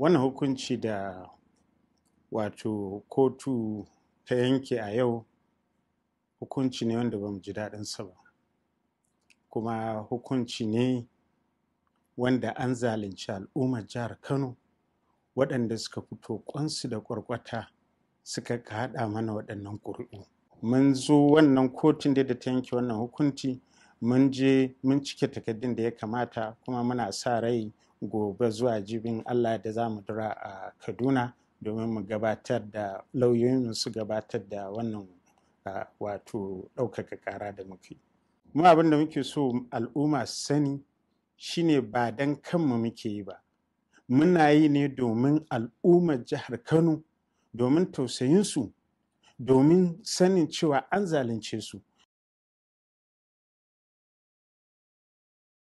wannan hukunci da wato kotu ta yanke a yau hukunci ne wanda mu ji daɗinsa ba kuma hukunci ne wanda an zalunci al'ummar jihar kano waɗanda suka fito ƙwansu da ƙwarƙwata suka kaɗa mana waɗannan ƙuri'u mun zo wannan kotun da ta yanke wannan hukunci mun je mun cike takaddun da ya kamata kuma muna sa rai gobe zuwa jibin allah da za mu dura a kaduna domin mu gabatar da lauyoyin su gabatar da wannan wato ɗaukaka ƙara da muke mu abin da muke so al'umma sani shine ba don kanmu muke yi ba muna yi ne domin al'ummar jihar kano domin tausayinsu domin sanin cewa an zalunce su